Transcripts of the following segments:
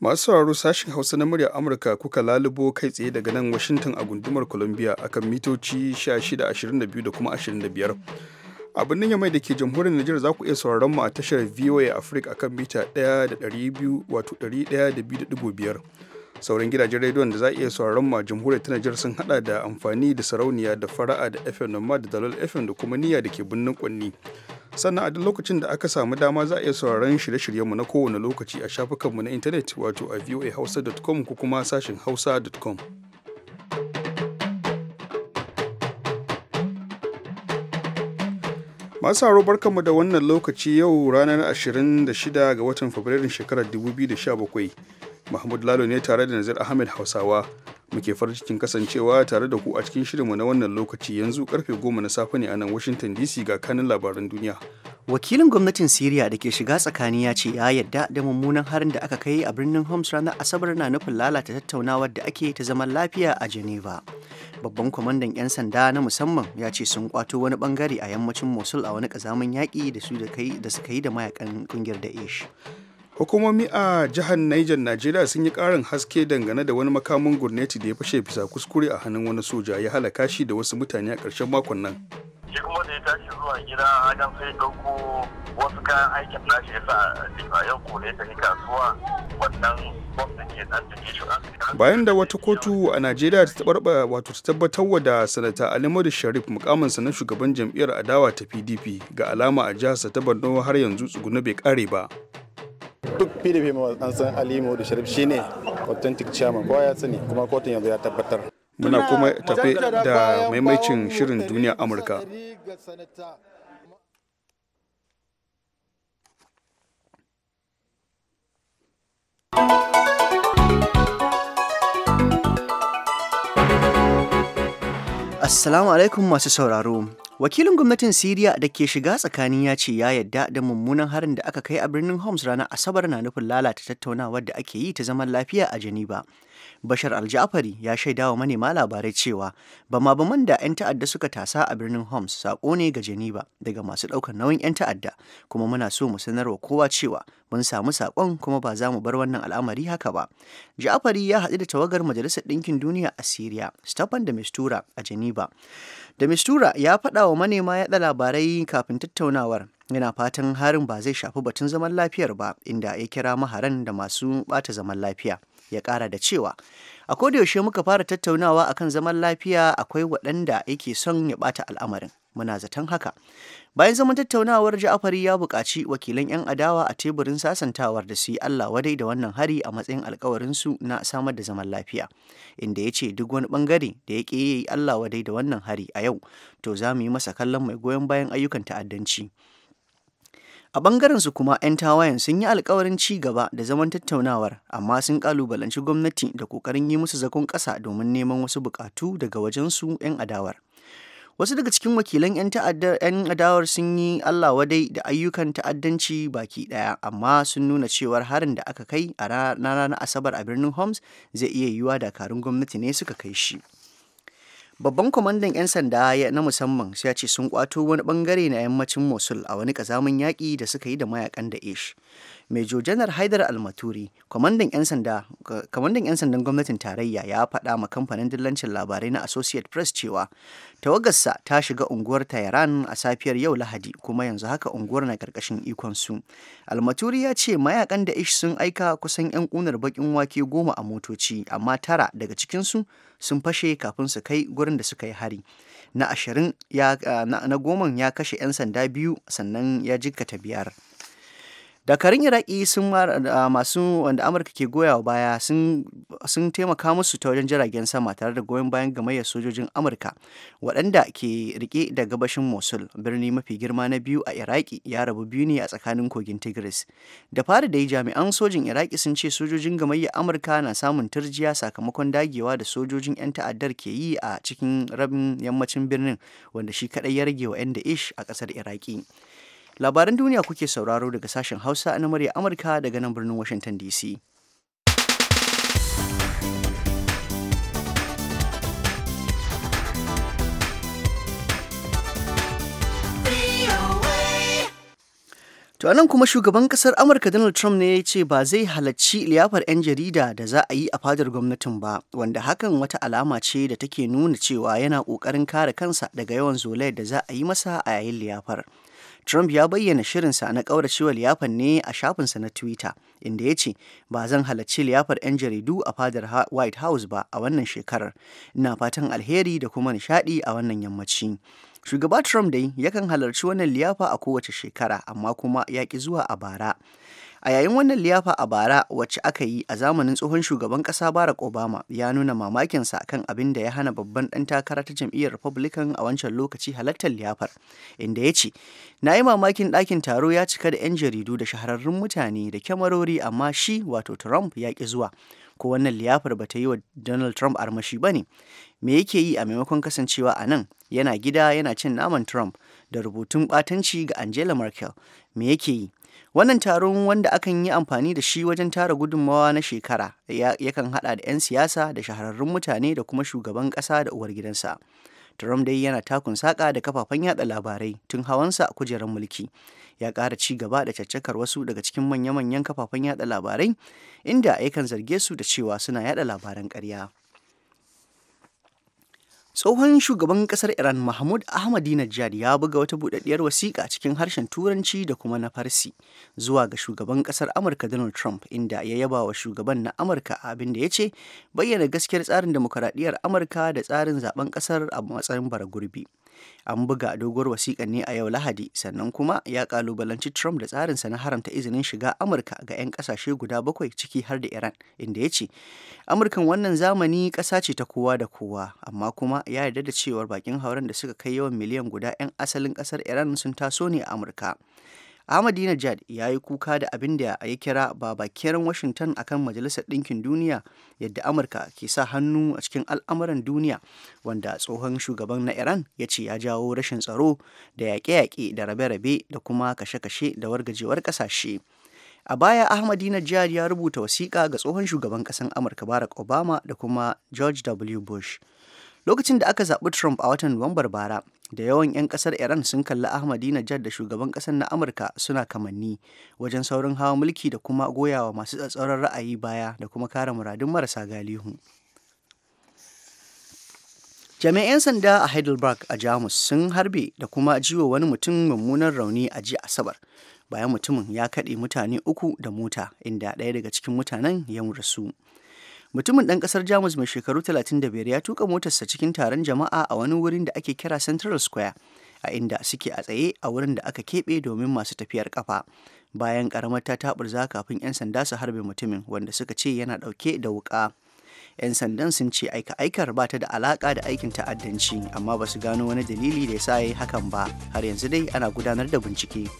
masu sauraro sashen hausa na murya amurka kuka lalubo kai tsaye daga nan washington a gundumar columbia akan mitoci 1622 da kuma 25 a birnin yamai da ke jamhuriyar Nijar za ku iya sauraron mu a tashar VOA Africa akan mita 1200 wato 102.5 sauran gidajen rediyon da za a iya sauraron ma jamhuriyar ta Nijar sun hada da amfani da sarauniya da fara'a da FM Nomad da Dalol FM da kuma niyya da ke birnin Kwanni. Sannan a duk lokacin da aka samu dama za a iya sauraron shirye shiryen mu na kowane lokaci a shafukanmu na intanet wato a voahausa.com ko kuma sashin hausa.com. masu haro barkanmu da wannan lokaci yau ranar 26 ga watan fabrairun shekarar 2017 mahmud lalo ne tare da nazir ahmed hausawa muke farin cikin kasancewa tare da ku a cikin shirinmu na wannan lokaci yanzu karfe 10 na safe ne a nan washington dc ga kanin labaran duniya wakilin gwamnatin syria da ke shiga tsakani ya ce ya yadda da mummunan harin da aka kai a birnin homs ranar asabar na nufin lalata tattaunawar da ake ta zaman lafiya a geneva babban kwamandan 'yan sanda na musamman ya ce sun kwato wani bangare a yammacin mosul a wani kazamin yaƙi da su da suka yi da mayakan kungiyar daesh hukumomi a jihar niger najeriya sun yi karin haske dangane da wani makamin gurneti da ya fashe bisa kuskure a hannun wani soja ya halaka shi da wasu mutane a ƙarshen makon nan shi kuma da ya tashi zuwa gida adam sai dauko wasu kayan aikin nashi ya sa a yau ko ne ta kasuwa wannan bayan da wata kotu a najeriya ta tabarba wato ta tabbatar wa da sanata alimadu sharif mukaminsa na shugaban jam'iyyar adawa ta pdp ga alama a jihar ta borno har yanzu tsuguna bai kare ba duk pdp an san alimadu sharif shine authentic chairman kowa ya sani kuma kotun yanzu ya tabbatar muna kuma tafe da maimacin shirin duniya amurka Assalamu alaikum masu sauraro. Wakilin gwamnatin Siriya da ke shiga tsakani ya ce ya yadda da mummunan harin da aka kai a birnin Homs ranar Asabar na nufin lalata tattaunawar da ake yi ta zaman lafiya a Geneva. Bashar aljafari ya shaida wa manema labarai cewa bama man da 'yan ta'adda suka tasa a birnin Homs sako ne ga Geneva daga masu ɗaukar nauyin 'yan ta'adda kuma muna so mu sanar wa kowa cewa mun samu sakon kuma ba za mu bar wannan al'amari haka ba. jafari ya haɗu da tawagar Majalisar Ɗinkin Duniya a Syria, Stefan da Mistura a Geneva. Da Mistura ya faɗa wa manema yaɗa labarai kafin tattaunawar yana fatan harin ba zai shafi batun zaman lafiyar ba inda ya kira maharan da masu bata zaman lafiya ya kara da cewa a yaushe muka fara tattaunawa akan zaman lafiya akwai waɗanda yake son ya ɓata al'amarin muna zaton haka bayan zaman tattaunawar ja'afari ya buƙaci wakilan 'yan adawa a teburin sasantawar da su yi allah wadai da wannan hari a matsayin alkawarinsu na samar da zaman lafiya inda ya ce duk wani bangare da ya yi allah wadai da wannan hari a yau to za mu yi masa kallon mai goyon bayan ayyukan ta'addanci A ɓangarensu kuma 'yan tawayen sun yi alkawarin ci gaba da zaman tattaunawar amma sun kalubalanci gwamnati da kokarin yi musu zakon ƙasa domin neman wasu bukatu daga wajensu 'yan adawar. wasu daga cikin wakilan 'yan adawar sun yi Allah wadai da ayyukan ta'addanci baki ɗaya amma sun nuna cewar harin da aka kai a ranar asabar a birnin Homs zai iya yiwuwa dakarun gwamnati ne suka kai shi. babban kwamandan 'yan sanda na musamman ya ce sun kwato wani bangare na yammacin mosul a wani kazamin yaƙi da suka yi da mayakan da ish Major Janar Haidar Almaturi, kwamandan 'yan sandan gwamnatin tarayya ya faɗa ma kamfanin dillancin labarai na Associate Press cewa tawagarsa ta shiga unguwar Tehran a safiyar yau Lahadi kuma yanzu haka unguwar na karkashin ikon su. Almaturi ya ce mayakan da ish sun aika kusan 'yan kunar bakin wake goma a motoci amma tara daga cikin su sun fashe kafin su kai gurin da suka yi hari. Na ashirin na goman ya kashe 'yan sanda biyu sannan ya jikkata biyar. dakarun iraki sun masu wanda amurka ke goyawa baya sun taimaka musu ta wajen jiragen sama tare da goyon bayan gamayyar sojojin amurka waɗanda ke rike da gabashin mosul birni mafi girma na biyu a iraki ya rabu biyu ne a tsakanin kogin tigris da fara dai jami'an sojin iraki sun ce sojojin gamayyar amurka na samun turjiya sakamakon dagewa da sojojin 'yan ta'addar ke yi a cikin rabin yammacin birnin wanda shi kaɗai ya rage wa 'yan da ish a ƙasar iraki labaran duniya kuke sauraro daga sashen hausa na murya amurka daga nan birnin washington dc To anan kuma shugaban kasar Amurka Donald Trump ne ya ce ba zai halarci liyafar 'yan jarida da za a yi a fadar gwamnatin ba, wanda hakan wata alama ce da take nuna cewa yana ƙoƙarin kare kansa daga yawan zolayar da za a yi masa a yayin liyafar. Trump ya bayyana shirinsa na ƙauracewa liyafar ne a shafinsa na Twitter, inda ya ce, Ba zan halarci liyafar 'yan jaridu a fadar White House ba a wannan shekarar. Ina fatan alheri da kuma nishaɗi a wannan yammaci. Shugaba Trump dai yakan halarci wannan liyafa a kowace shekara, amma kuma ya ƙi zuwa a bara. A yayin wannan liyafa a bara wacce aka yi a zamanin tsohon shugaban ƙasa Barack Obama ya nuna mamakinsa kan abin da ya hana babban ɗan takara ta jam'iyyar Republican a wancan lokaci halartar liyafar, inda ya ce, Na yi mamakin ɗakin taro ya cika da 'yan jaridu da shahararrun mutane da kyamarori amma shi wato Trump ya ƙi zuwa. Ko wannan liyafar ba ta yi wa Donald Trump armashi ba ne. Me yake yi a maimakon kasancewa a nan yana gida yana cin naman Trump da rubutun ɓatanci ga Angela Merkel. Me yake yi? Wannan taron wanda akan yi amfani da shi wajen tara gudunmawa na shekara yakan haɗa da 'yan siyasa da shahararrun mutane da kuma shugaban ƙasa da uwar gidansa. Trump dai yana takun saƙa da kafafen yada labarai tun hawansa a kujerar mulki. Ya ƙara ci gaba da caccakar wasu daga cikin manya-manyan kafafen yada labarai inda yakan zarge su da cewa suna yada labaran ƙarya. Tsohon shugaban ƙasar Iran Mahmud Ahmadinejad ya buga wata budaddiyar wasiƙa cikin harshen Turanci da kuma na Farsi zuwa ga shugaban ƙasar Amurka Donald Trump inda ya yaba wa shugaban na Amurka abin da ya ce bayyana gaskiyar tsarin demokaradiyyar Amurka da tsarin zaben ƙasar a matsayin bara gurbi. an buga doguwar wasiƙa ne a yau lahadi sannan kuma ya kalubalanci trump da tsarinsa na haramta izinin shiga amurka ga 'yan kasashe guda bakwai ciki har da iran inda ya ce amurkan wannan zamani ƙasa ce ta kowa da kowa amma kuma ya yarda da cewar bakin hauren da suka kai yawan miliyan guda 'yan asalin ƙasar iran sun taso ne a amurka Ahmadinejad ya yi kuka da abin da ya kira babakeren Washington akan Majalisar Ɗinkin Duniya yadda Amurka ke sa hannu a cikin al'amuran duniya wanda tsohon shugaban na Iran ya ce ya jawo rashin tsaro da yaƙe-yaƙe da rabe-rabe da kuma kashe-kashe da wargajewar ƙasashe. A baya Ahmadinejad ya rubuta wasiƙa ga tsohon shugaban ƙasar Amurka Barack Obama da kuma George W. Bush. Lokacin da aka zaɓi Trump a watan Nuwambar bara, da yawan 'yan kasar iran sun kalli ahmadinejad da shugaban kasar na amurka suna kamanni wajen saurin hawa mulki da kuma goyawa masu tsatsauran ra'ayi baya da kuma kare muradun marasa galihu jami'an sanda a heidelberg a jamus sun harbe da kuma jiwa wani mutum mummunan rauni a jiya asabar bayan mutumin ya kaɗe mutane uku da mota inda ɗaya daga cikin mutanen ya rasu. mutumin ɗan ƙasar jamus mai shekaru 35 ya tuka motarsa cikin taron jama'a a wani wurin da ake kira central square a inda suke a tsaye a wurin da aka keɓe domin masu tafiyar ƙafa bayan ƙaramar ta taɓurza kafin 'yan sanda su harbe mutumin wanda suka ce yana ɗauke da wuƙa 'yan sandan sun ce aika-aikar ba ta da alaƙa da aikin ta'addanci amma ba su gano wani dalili da ya sa ya yi hakan ba har yanzu dai ana gudanar da bincike.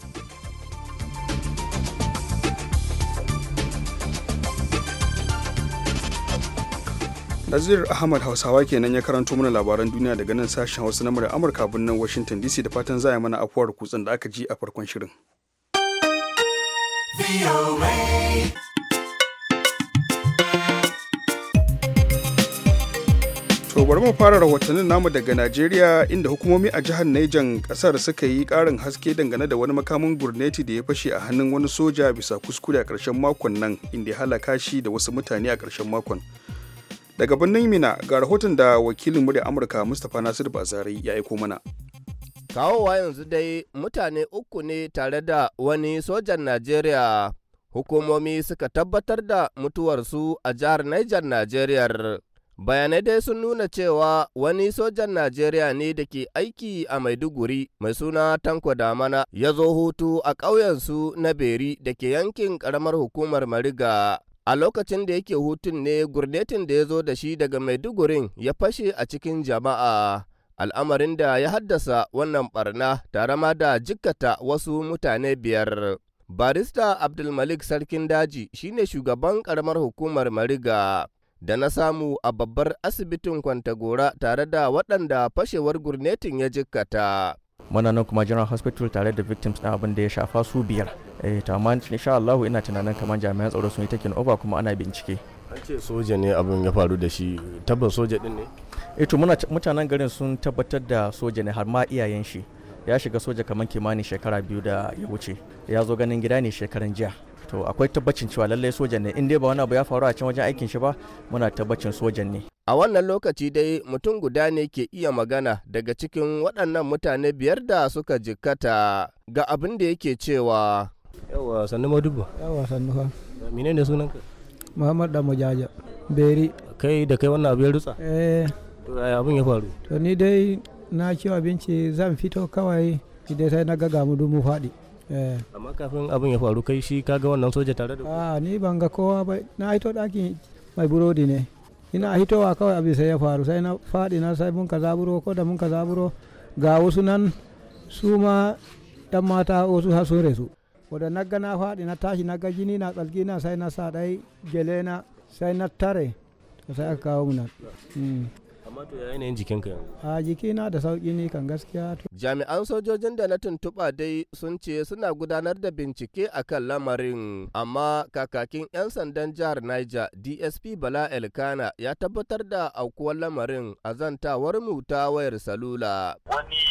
Nazir Ahmad Hausawa kenan ya karanto mana labaran duniya daga nan sashen Hausa na Amurka birnin Washington DC da fatan za mana afuwar kutsen da aka ji a farkon shirin. To bari mu fara rahotannin namu daga Najeriya inda hukumomi a jihar Niger kasar suka yi karin haske dangane da wani makamin gurneti da ya fashe a hannun wani soja bisa kuskure a ƙarshen makon nan inda ya halaka shi da wasu mutane a ƙarshen makon. daga birnin mina ga rahoton da wakilin murya amurka mustapha nasir bazari ya aiko mana kawowa yanzu dai mutane uku ne tare da wani sojan najeriya hukumomi suka tabbatar da mutuwarsu a jihar niger najeriya bayanai dai sun nuna cewa wani sojan najeriya ne da ke aiki a maiduguri mai suna tanko damana ya zo hutu a ƙauyensu na beri da ke yankin ƙaramar hukumar mariga A lokacin da yake hutun ne gurnetin da ya zo da shi daga Maidugurin ya fashe a cikin jama'a, al'amarin da ya haddasa wannan barna tare ma da jikkata wasu mutane biyar. Barista Abdulmalik Sarkin Daji shine shugaban ƙaramar hukumar Mariga da na samu a babbar asibitin Kwantagora tare da waɗanda fashewar gurnetin ya jikkata. muna nan kuma general hospital tare da victims na abin da ya shafa su biyar eh to amma insha Allah ina tunanin kamar jami'an tsaro sun yi taking over kuma ana bincike an ce soja ne abin ya faru da shi tabban soja din ne eh to mutanen garin sun tabbatar da soja ne har ma iyayen shi ya shiga soja kamar kimanin shekara biyu da ya wuce ya zo ganin gida ne shekaran jiya to akwai tabbacin cewa lallai sojan ne in dai ba wani abu ya faru a can wajen aikin shi ba muna tabbacin sojan ne a wannan lokaci dai mutum guda ne ke iya magana daga cikin waɗannan mutane biyar da suka jikkata ga abin da yake cewa yawa sannu madubu yawa sannu fa mine ne sunanka muhammad da mujaja beri kai da kai wannan abu ya rutsa eh to yaya abin ya faru to ni dai na ci abinci zan fito kawai idan sai na ga gamu dumu faɗi Eh. amma kafin abin ya faru kai shi kaga wannan soja tare da a ah, ni ban ga kowa ba na aito ɗakin mai burodi ne ina hitowa kawai abin sai ya faru sai na faɗi na sai mun ka buro ko da mun ka buro ga wasu nan su ma dan mata wasu ha sun resu na ga na faɗi na tashi na ga jini na tsalki na sai na sa ɗai gele na sai na tare sai aka kawo mu nan hmm. jami'an sojojin da na tuntuɓa dai sun ce suna gudanar da bincike a kan lamarin amma kakakin 'yan sandan jihar niger dsp bala elkana ya tabbatar da aukuwar lamarin a zantawar mu ta wayar salula wani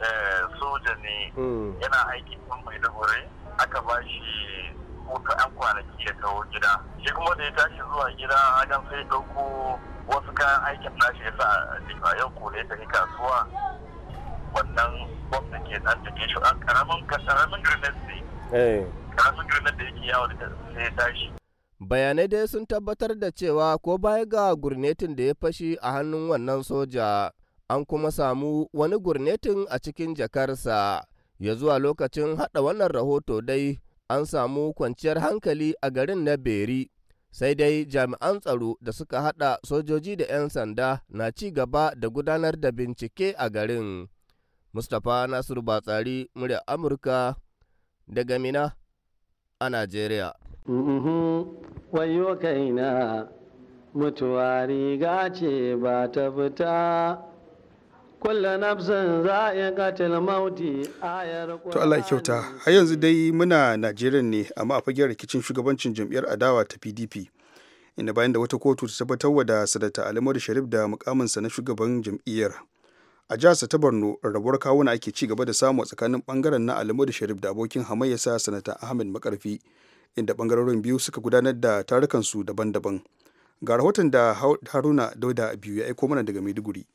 eh, soja ne hmm. yana aiki kan wuri aka ba shi ko an kwanaki ya kawo gida shi kuma da ya tashi zuwa gida a sai dauko. wasu kayan aikin nashi ya sa jifa yau ne ta yi kasuwa wannan bom da ke nan take shi an karamin karamin grenade ne eh. karamin grenade da yake yawo da sai tashi bayanai dai sun tabbatar da cewa ko baya ga gurnetin da ya fashi a hannun wannan soja an kuma samu wani gurnetin a cikin jakarsa ya zuwa lokacin hada wannan rahoto dai an samu kwanciyar hankali a garin na beri sai dai jami'an tsaro da suka hada sojoji da 'yan sanda na ci gaba da gudanar da bincike a garin mustapha nasiru batsari murya amurka daga mina a nigeria. wayo kaina mutuwa riga ce ba ta fita to Allah kyauta har yanzu dai muna Najeriya ne amma a fagen rikicin shugabancin jam'iyyar adawa ta PDP inda bayan da wata kotu ta tabbatar wa da sadata Alimadu Sharif da mukaminsa na shugaban jam'iyyar a jihar ta Borno rabuwar kawuna ake ci gaba da samu a tsakanin bangaren na Alimadu Sharif da abokin hamayyasa sanata Ahmed Makarfi inda bangarorin biyu suka gudanar da tarukansu daban-daban ga rahoton da Haruna Dauda biyu ya aiko mana daga Maiduguri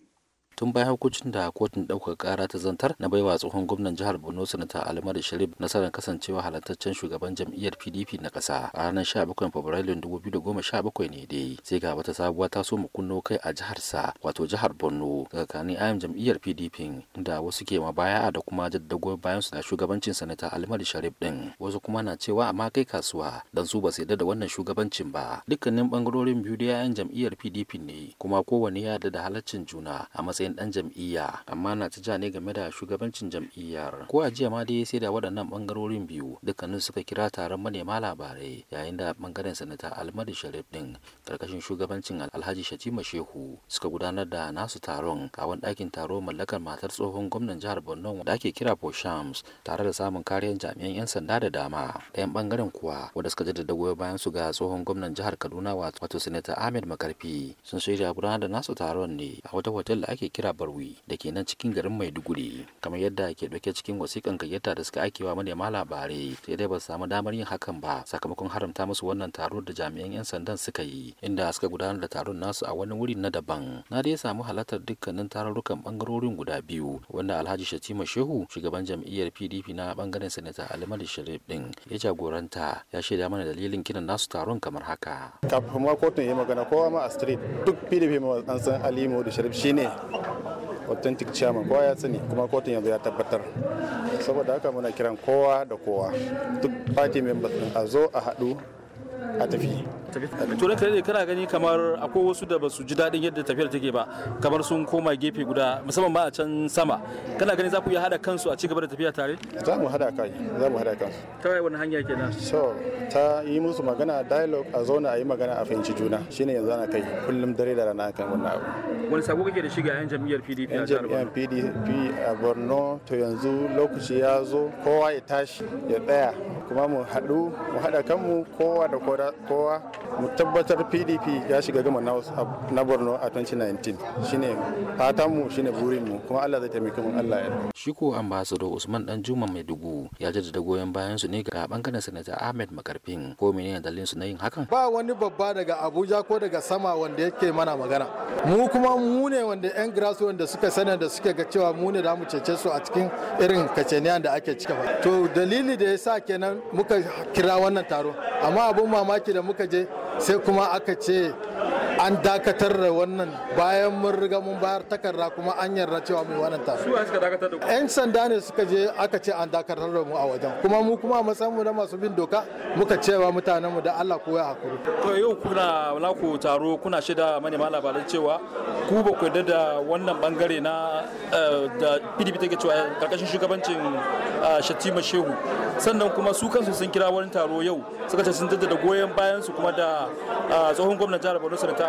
tun bayan hukuncin da kotun ɗaukar ƙara ta zantar na baiwa tsohon gwamnan jihar borno sanata alamar sharif nasarar kasancewa halartaccen shugaban jam'iyyar pdp na ƙasa a ranar 17 fabrairun 2017 ne dai sai ga wata sabuwa ta so mu kunno kai a jihar sa wato jihar borno tsakanin ayan jam'iyyar pdp da wasu ke ma baya da kuma jaddago bayan su na shugabancin sanata alamar sharif ɗin wasu kuma na cewa amma kai kasuwa dan su ba su yarda da wannan shugabancin ba dukkanin bangarorin biyu da 'yayan jam'iyyar pdp ne kuma kowane ya da halaccin juna a matsayin matsayin dan jam'iyya amma na ta ja ne game da shugabancin jam'iyyar ko a jiya ma dai sai da waɗannan bangarorin biyu dukkanin suka kira taron manema labarai yayin da ɓangaren sanata almadi sharif din karkashin shugabancin alhaji shatima shehu suka gudanar da nasu taron wani ɗakin taro mallakar matar tsohon gwamnan jihar borno da ake kira shams tare da samun kariyar jami'an 'yan sanda da dama ɗayan bangaren kuwa wanda suka jaddada goyon bayan su ga tsohon gwamnan jihar kaduna wato sanata ahmed makarfi sun shirya gudanar da nasu taron ne a wata hotel da ake kira kira barwi da ke nan cikin garin maiduguri kamar yadda ke dauke cikin wasikan gayyata da suka aikewa ma labarai sai dai ba su samu damar yin hakan ba sakamakon haramta musu wannan taro da jami'an 'yan sandan suka yi inda suka gudanar da taron nasu a wani wuri na daban na dai samu halartar dukkanin tarurrukan bangarorin guda biyu wanda alhaji shatima shehu shugaban jam'iyyar pdp na bangaren sanata alimadi sharif din ya jagoranta ya shaida mana dalilin kiran nasu taron kamar haka kafin ma kotun ya magana kowa ma a street duk pdp ma an san alimo da sharif shine authentic chairman kowa ya sani kuma kotun yanzu ya tabbatar saboda haka muna kiran kowa da kowa duk party members a zo a haɗu a tafi to da kare kana gani kamar akwai wasu da basu ji daɗin yadda tafiyar take ba kamar sun koma gefe guda musamman ma a can sama kana gani za ku iya hada kansu a cigaba da tafiya tare za mu hada kai za mu hada kansu Ta wani hanya kenan so ta yi musu magana dialogue a zauna a yi magana a fahimci juna shine yanzu ana kai kullum dare da rana kan wannan abu wani sabo kake da shiga yan jam'iyyar PDP a jihar PDP a Borno to yanzu lokaci ya zo kowa ya tashi ya tsaya kuma mu haɗu mu haɗa kanmu kowa da kowa kowa mu tabbatar pdp ya shiga gama na borno a 2019 shine fatanmu shine burinmu kuma allah zai taimaki mu allah ya shi ko da usman dan juma mai dugu ya jaddada goyon bayan su ne ga bangaren sanata ahmed makarfin ko menene dalilin su na yin hakan ba wani babba daga abuja ko daga sama wanda yake mana magana mu kuma mu ne wanda yan grass wanda suka sanar da suka ga cewa mu ne da mu cece su a cikin irin kaceniyan da ake cika to dalili da yasa kenan muka kira wannan taro amma abun mamaki mamaki da muka je sai kuma aka ce an dakatar da wannan bayan mun riga mun bayar takarda kuma an yarda cewa mu wannan ta su suka dakatar da ku yan sanda ne suka je aka ce an dakatar da mu a wajen kuma mu kuma a matsayin mu na masu bin doka muka cewa mutanen mu da Allah ko ya hakuri to yau kuna lako taro kuna shida manema labaran cewa ku ba ku yarda da wannan bangare na eh, da PDP take cewa karkashin shugabancin eh, Shatima Shehu sannan kuma su kansu sun kira wani taro yau suka ce sun jaddada goyon bayan su kuma da eh, tsohon gwamnatin jihar Borno sanata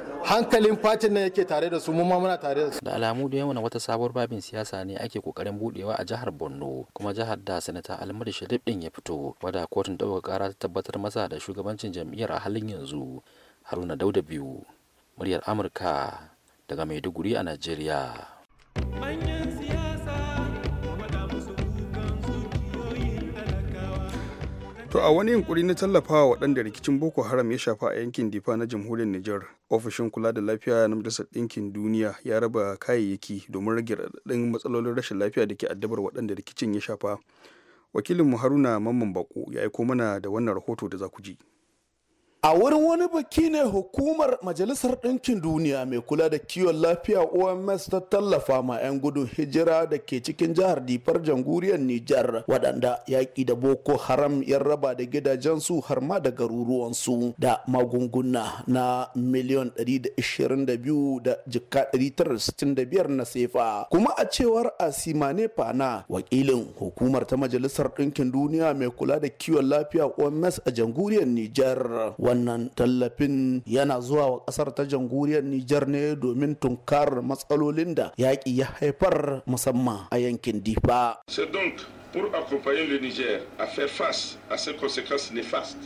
hankalin fatin nan yake tare da su mu ma muna tare da su da alamu da yawan wata sabuwar babin siyasa ne ake kokarin budewa a jihar Borno kuma jihar da sanata Almadi Sharif din ya fito wadda kotun dauka kara ta tabbatar masa da shugabancin jam'iyyar a halin yanzu Haruna Dauda biyu muryar Amurka daga Maiduguri a Najeriya. Manyan To a wani yunkuri na tallafawa waɗanda rikicin Boko Haram ya shafa a yankin Difa na jamhuriyar Nijar, ofishin kula da lafiya na Majalisar Ɗinkin Duniya ya raba kayayyaki domin rage raɗaɗin matsalolin rashin lafiya da ke addabar waɗanda rikicin ya shafa. wakilinmu Haruna Mamman Bako ya aiko mana da wannan rahoto da za ku ji. a wurin wani baki ne hukumar majalisar ɗinkin duniya mai kula da kiwon lafiya oms ta tallafa ma 'yan gudun hijira da ke cikin jihar difar jamhuriyar nijar waɗanda yaƙi da boko haram ya raba da gidajensu har ma da garuruwansu da magunguna na miliyon 122 da jika 965 na sefa kuma a cewar asimane fana wakilin hukumar ta majalisar ɗinkin duniya mai kula da kiwon lafiya oms a jamhuriyar nijar wannan tallafin yana zuwa wa kasar ta jamhuriyar Nijar ne domin tunkarar matsalolin da yaƙi ya haifar musamman a yankin Difa. C'est donc pour accompagner le Niger à faire face à ces conséquences néfastes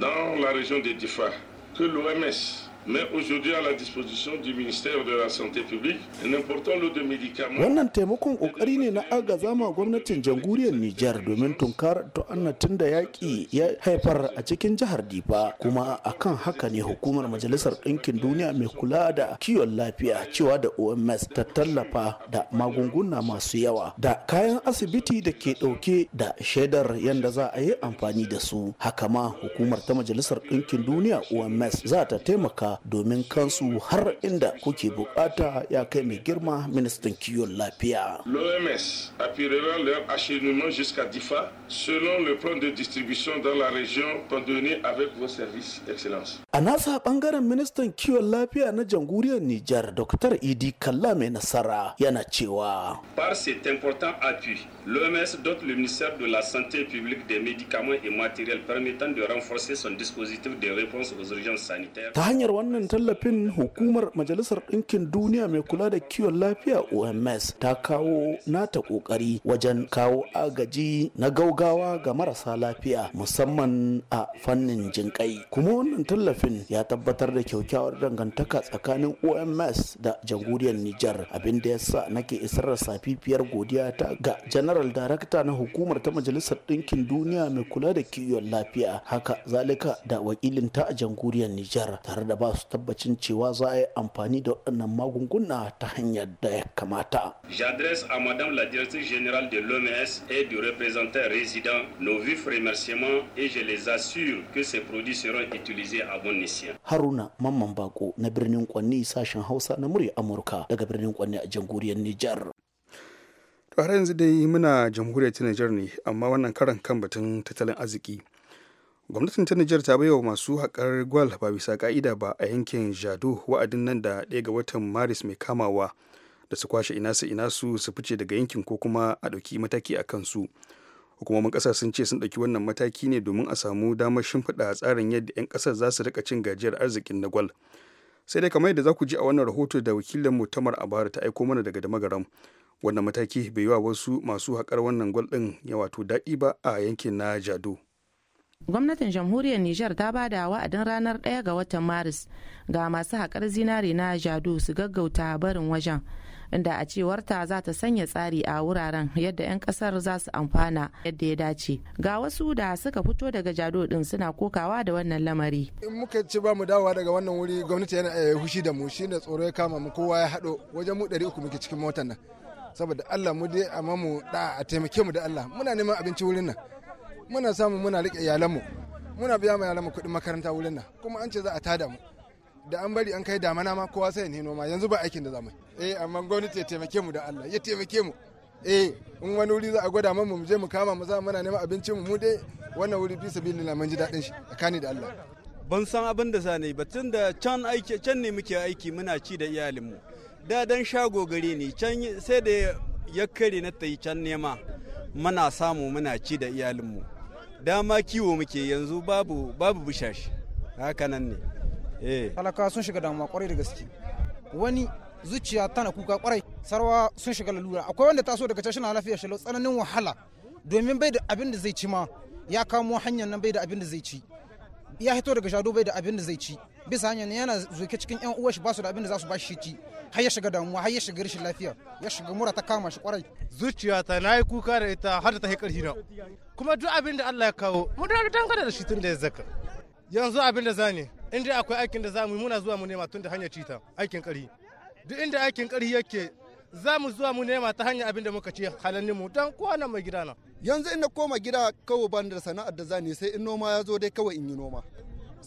dans la région de Difa que l'OMS mais aujourd'hui à la disposition du ministère de la santé publique de médicaments wannan taimakon kokari ne na agazama gwamnatin jamhuriyar niger domin tunkar to ta'annatin da yaƙi ya haifar a cikin jihar Difa kuma akan haka ne hukumar majalisar ɗinkin duniya mai kula da kiwon lafiya cewa da OMS ta tallafa da magunguna masu yawa da kayan asibiti da ke ɗauke da shaidar yadda za a yi amfani da su haka ma hukumar ta majalisar ɗinkin duniya OMS za ta taimaka domin kansu har inda kuke bukata ya kai mai girma ministan kiwon lafiya. L'OMS appuiera leur acheminement jusqu'à DIFA selon le plan de distribution dans la région coordonné avec vos services excellence. A nasa bangaren ministan kiwon lafiya na jamhuriyar Nijar Dr. Idi Kalla mai nasara yana cewa. Par cet important appui L'OMS dote le ministère de la Santé publique des médicaments et matériels permettant de renforcer son dispositif de réponse aux urgences sanitaires. Ta hanyar wannan tallafin hukumar Majalisar Ɗinkin Duniya mai kula da kiwon lafiya OMS ta kawo nata kokari wajen kawo agaji na gaugawa ga marasa lafiya musamman a fannin jinƙai. Kuma wannan tallafin ya tabbatar da kyaukyawar dangantaka tsakanin OMS da jamhuriyar Nijar abinda yasa nake isar da safifiyar godiya ta ga janar general director na hukumar ta majalisar ɗinkin duniya mai kula da kiwon lafiya haka zalika da wakilin ta a jamhuriyar nijar tare da ba su tabbacin cewa za a yi amfani da waɗannan magunguna ta hanyar da ya kamata j'adresse à madame la directrice générale de l'oms et du représentant résident nos vifs remerciements et je les assure que ces produits seront utilisés à bon escient haruna mamman bako na birnin kwanni sashen hausa na murya amurka daga birnin kwanni a jamhuriyar nijar har yanzu dai muna jamhuriyar ta Nijar ne amma wannan karan kan batun tattalin arziki gwamnatin ta Nijar ta baiwa masu haƙar gwal ba bisa ka'ida ba a yankin Jado wa'adin nan da ɗaya ga watan Maris mai kamawa da su kwashe ina su ina su su fice daga yankin ko kuma a ɗauki mataki a kansu hukumomin ƙasa sun ce sun ɗauki wannan mataki ne domin a samu damar shimfiɗa tsarin yadda 'yan ƙasar za su riƙa cin gajiyar arzikin na gwal sai dai kamar yadda za ku ji a wannan rahoto da wakilin mutamar abara ta aiko mana daga damagaram wannan mataki bai yi wa wasu masu haƙar wannan gwal ɗin ya wato daɗi ba a yankin na jado gwamnatin jamhuriyar nijar ta ba da wa'adin ranar 1 ga watan maris ga masu haƙar zinare na jado su gaggauta barin wajen inda a cewarta za ta sanya tsari a wuraren yadda 'yan kasar za su amfana yadda ya dace ga wasu da suka fito daga jado din suna kokawa da wannan lamari in muka ci ba mu dawowa daga wannan wuri gwamnati yana eh, hushi da mu shi da tsoro ya kama mu kowa ya haɗo wajen mu ɗari uku muke cikin motar nan saboda Allah mu dai amma mu da a taimake mu da Allah muna neman abinci wurin nan muna samu muna rike iyalanmu muna biya ma iyalanmu kuɗin makaranta wurin nan kuma an ce za a tada mu da an bari an kai damana ma kowa sai ne noma yanzu ba aikin da zamu eh amma gwamnati ya taimake mu da Allah ya taimake mu eh in wani wuri za a gwada mu mu je mu kama mu za muna neman abincin mu mu dai wannan wuri fi sabilillah mun ji dadin shi tsakani da Allah ban san abin da sa ne ba tun da can aiki can ne muke aiki muna ci da iyalinmu da dan shago gari ne can sai da ya kare na yi can nema muna samu muna ci da iyalinmu dama kiwo muke yanzu babu babu bishashi haka nan ne eh talaka sun shiga damuwa kwarai da gaske wani zuciya tana kuka kwarai sarwa sun shiga lalura akwai wanda taso daga tashin lafiya shi tsananin wahala domin bai da abin da zai ci ma ya kamo hanyar nan bai da abin da zai ci ya hito daga shado bai da abin da zai ci bisa hanyar ne yana zuke cikin yan uwa shi ba su da abin da za su ba shi ci har ya shiga damuwa har ya shiga rashin lafiya ya shiga mura ta kama shi kwarai ta na yi kuka da ita har da ta yi karshe na kuma duk abin da Allah ya kawo mu da dangane da shi tun da zaka yanzu abin da zane in dai akwai aikin da za yi muna zuwa mu nema tun da hanyar cita aikin ƙari duk inda aikin ƙari yake za mu zuwa mu nema ta hanyar abin da muka ce halannin mu dan kowa nan mai gidana yanzu in na koma gida kawo ban da sana'ar da zani sai in noma ya zo dai kawai in yi noma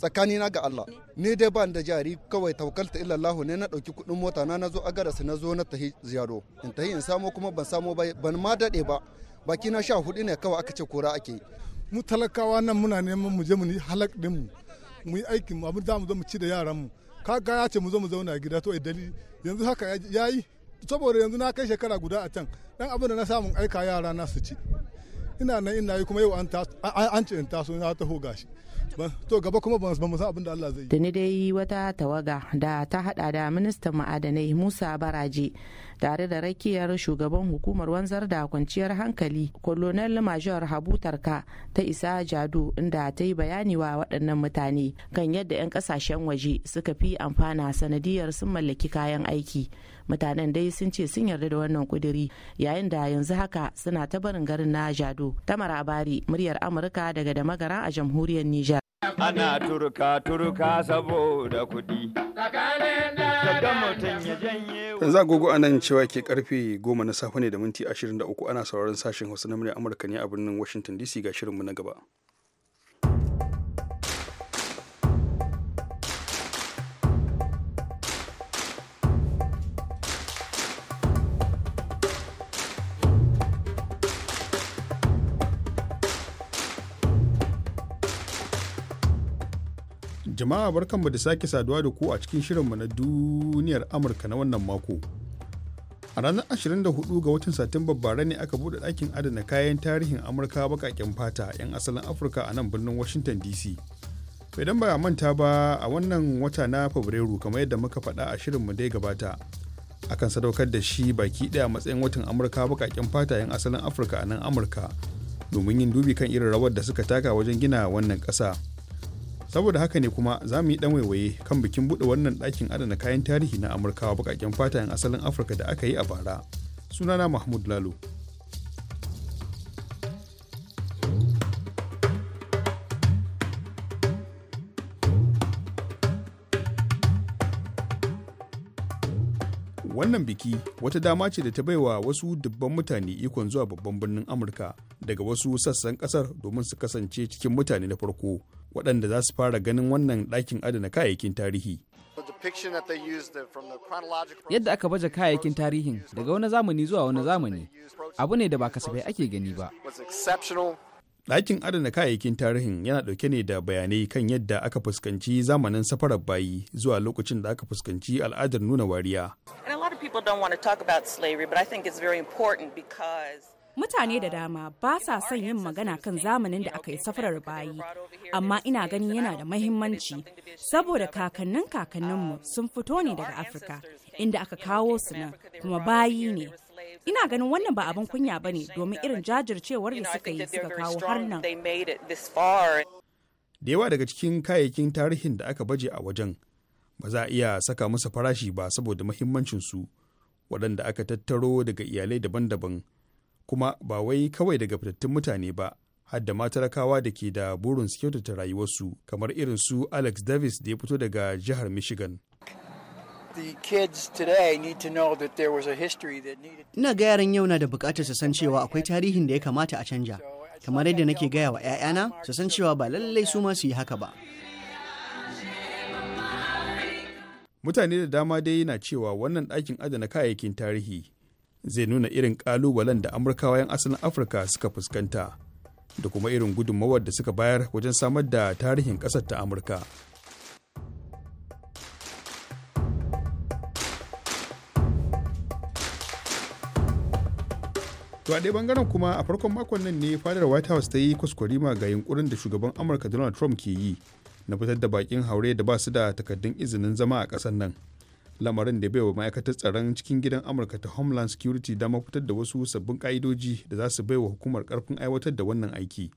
tsakani na ga Allah ni dai ban da jari kawai tawakkalta illallahu ne na dauki kudin mota na nazo agaras na zo na tahi ziyaro in tahi in samo kuma ban samo ba ban ma dade ba baki na sha hudu ne kawai aka ce kora ake mu talakawa nan muna neman mu je mu yi halak din mu mu yi aikin mu abin za mu zo mu ci da yaran mu kaga ya ce mu zo mu zauna gida to dalili yanzu haka yayi saboda yanzu na kai shekara guda a can dan abin da na samun aika yara na su ci ina nan ina yi kuma yau an ce in taso na taho gashi to gaba kuma ba mu san abin da Allah zai yi tuni dai wata tawaga da ta hada da ministan ma'adanai Musa Baraje tare da rakiyar shugaban hukumar wanzar da kwanciyar hankali colonel major Habu Tarka ta isa Jado inda ta yi bayani wa waɗannan mutane kan yadda 'yan ƙasashen waje suka fi amfana sanadiyar sun mallaki kayan aiki mutanen dai sun ce sun yarda da wannan kuduri yayin da yanzu haka suna ta barin garin na Jado ta marabari muryar Amurka daga da magara a jamhuriyar Nijar ana turka turka saboda kuɗi yanzu agogo a nan cewa ke karfe goma na safe ne da minti ashirin da uku ana sauraron sashen hausa na murya amurka ne a birnin washington dc ga shirinmu na gaba Jama'a barkanmu da sake saduwa da ku a cikin shirinmu na duniyar Amurka na wannan mako. A ranar 24 ga watan Satumba bara ne aka buɗe ɗakin adana kayan tarihin Amurka baƙaƙen fata 'yan asalin Afirka a nan birnin Washington DC. Idan ba manta ba a wannan wata na Fabrairu kamar yadda muka faɗa a shirinmu dai gabata. Akan sadaukar da shi baki ɗaya matsayin watan Amurka baƙaƙen fata 'yan asalin Afirka a nan Amurka domin yin dubi kan irin rawar da suka taka wajen gina wannan ƙasa. saboda haka ne kuma za mu yi dan waiwaye kan bikin buɗe wannan ɗakin adana kayan tarihi na amurkawa baƙaƙen fata 'yan asalin afirka da aka yi a bara sunana mahmud lalo wannan biki wata dama ce da ta baiwa wasu dubban mutane ikon zuwa babban birnin amurka daga wasu sassan kasar domin su kasance cikin mutane na farko waɗanda za su fara ganin wannan ɗakin adana kayayyakin tarihi. Yadda aka baje kayayyakin tarihin daga wani zamani zuwa wani zamani abu ne da ba kasafai ake gani ba. Ɗakin adana kayayyakin tarihin yana ɗauke ne da bayanai kan yadda aka fuskanci zamanin safarar bayi zuwa lokacin da aka fuskanci al'adar nuna wariya. mutane da dama ba sa son yin magana kan zamanin da aka yi safarar bayi amma ina ganin yana da mahimmanci saboda kakannin kakanninmu sun fito ne daga afirka inda aka kawo su nan kuma bayi ne ina ganin wannan ba abin kunya ba ne domin irin jajircewar da suka yi suka kawo har nan da yawa daga cikin kayayyakin tarihin da aka baje a wajen ba za a iya saka masa farashi ba saboda mahimmancinsu waɗanda aka tattaro daga iyalai daban-daban kuma ba wai kawai daga fitattun mutane ba har da matarakawa da ke da burin su kyautata rayuwarsu kamar irin su alex davis da ya fito daga jihar michigan ina ga yaran yau na da bukatar su san cewa akwai tarihin da ya kamata a canja kamar yadda nake gaya wa 'ya'yana su san cewa ba lallai su ma yi haka ba mutane da dama dai na cewa wannan ɗakin adana kayayyakin tarihi zai nuna irin ƙalubalen da amurkawa 'yan asalin afirka suka fuskanta da kuma irin gudunmawar da suka bayar wajen samar da tarihin ƙasar ta amurka to a ɗaya bangaren kuma a farkon makon nan ne fadar white house ta yi kwaskwarima ga yunkurin da shugaban amurka donald trump ke yi na fitar da bakin haure da ba su da takaddun izinin zama a ƙasar nan lamarin da baiwa ma'aikatar tsaron cikin gidan amurka ta homeland security damar fitar da wasu sabbin ka'idoji da za su baiwa hukumar karfin aiwatar da wannan aiki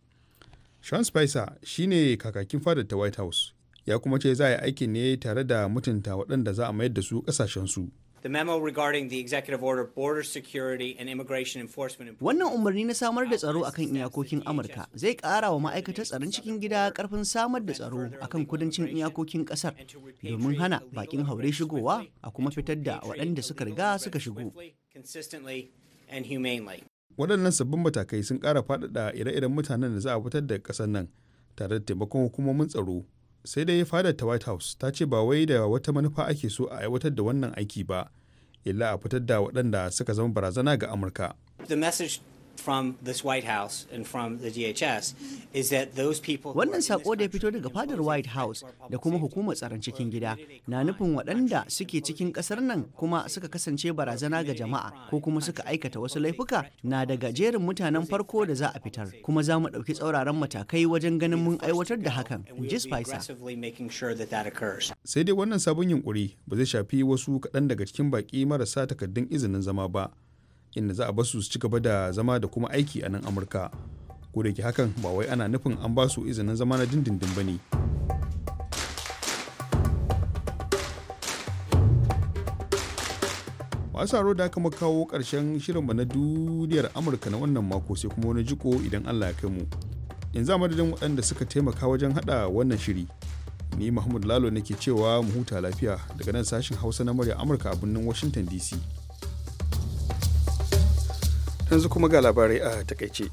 sean spicer ne kakakin fada ta white house ya kuma ce za a yi aikin ne tare da mutunta waɗanda za a mayar da su ƙasashensu. su the memo regarding the executive order border security and immigration enforcement. Wannan umarni na samar da tsaro akan iyakokin Amurka zai ƙara wa ma'aikatar tsaron cikin gida ƙarfin samar da tsaro akan kudancin iyakokin ƙasar domin hana bakin haure shigowa a kuma fitar da waɗanda suka riga suka shigo. Waɗannan sabbin matakai sun ƙara faɗaɗa ire-iren mutanen da za a fitar da ƙasar nan tare da taimakon hukumomin tsaro sai dai fadar ta white house ta ce ba wai da wata manufa ake so a aiwatar da wannan aiki ba illa a fitar da waɗanda suka zama barazana ga amurka the message from this White House and from the DHS is that those Wannan sako da ya fito daga fadar White House da kuma hukumar tsaron cikin gida na nufin waɗanda suke cikin ƙasar nan kuma suka kasance barazana ga jama'a ko kuma suka aikata wasu laifuka na daga jerin mutanen farko da za a fitar kuma za mu ɗauki tsauraran matakai wajen ganin mun aiwatar da hakan ji Spicer. Sai dai wannan sabon yunkuri ba zai shafi wasu kaɗan daga cikin baƙi marasa takardun izinin zama ba. inda za a ba su ci gaba da zama da kuma aiki a nan amurka ko da ke hakan ba wai ana nufin an ba su izinin zama na dindindin ba ne masu da aka kawo ƙarshen shirinmu na duniyar amurka na wannan mako sai kuma wani jiko idan allah ya kai mu yanzu a madadin waɗanda suka taimaka wajen haɗa wannan shiri ni mahmud lalo nake cewa mu huta lafiya daga nan sashen hausa na murya amurka a birnin washington dc yanzu kuma ga labarai a takaice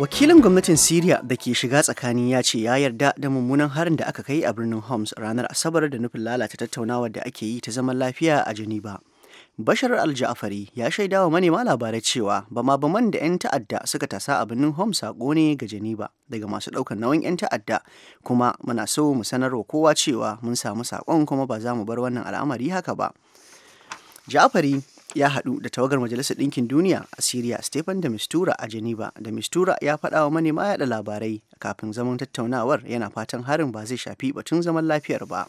wakilin gwamnatin syria da ke shiga tsakani ya ce ya yarda da mummunan harin da aka kai a birnin homs ranar asabar da nufin lalata tattaunawar da ake yi ta zaman lafiya a geneva Bashar Alja'afari ya shaida wa manema labarai cewa bamabaman man da 'yan ta'adda suka tasa a birnin Homs sako ne ga Geneva daga masu ɗaukar nauyin 'yan ta'adda kuma muna so mu sanar wa kowa cewa mun samu sakon kuma ba za mu bar wannan al'amari haka ba. Ja'afari ya haɗu da tawagar Majalisar Ɗinkin Duniya a Siriya Stephen da Mistura a Geneva da Mistura ya faɗa wa manema yaɗa labarai kafin zaman tattaunawar yana fatan harin ba zai shafi batun zaman lafiyar ba.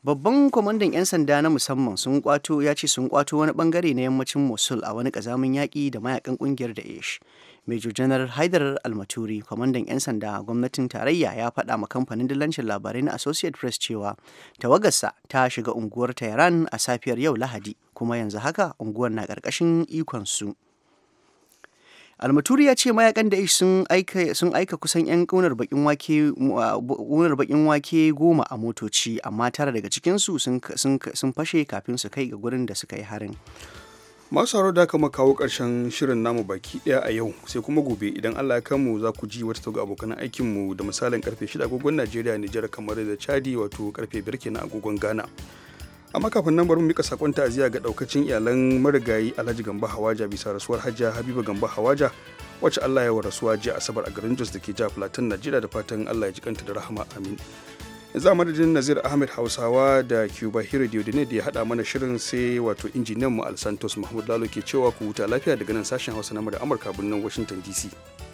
babban kwamandan 'yan sanda na musamman sun kwato ya ce sun kwato wani bangare na yammacin mosul a wani kazamin yaƙi da mayakan kungiyar ish major general haidar almaturi kwamandan 'yan sanda gwamnatin tarayya ya faɗa ma kamfanin dillancin labarai na associate press cewa tawagarsa ta shiga unguwar tehran a safiyar yau lahadi kuma yanzu haka unguwar na ƙarƙashin ikonsu. su almaturi ya ce mayakan da sun aika sun aika kusan yan kunar bakin wake goma a motoci amma tara daga cikinsu sun fashe kafin su kai ga gurin da suka yi harin masu haro da kama kawo karshen shirin namu baki ɗaya a yau sai kuma gobe idan allah ya kamu za ku ji wata taga abokan aikinmu da misalin karfe shida agogon najeriya nijar kamar da chadi wato karfe 5 na agogon ghana amma kafin nan bari mu mika sakon ta'aziyya ga daukacin iyalan marigayi Alhaji Gamba Hawaja bisa rasuwar Hajja Habiba Gamba Hawaja wacce Allah ya wa rasuwa jiya Asabar a garin Jos dake jihar Plateau Najeriya da fatan Allah ya ji kanta da rahama amin yanzu a madadin Nazir Ahmed Hausawa da Cuba Hero Diodine da ya hada mana shirin sai wato injiniyan mu Al Santos Mahmud Lalo ke cewa ku huta lafiya daga nan sashen Hausa na Amurka birnin Washington DC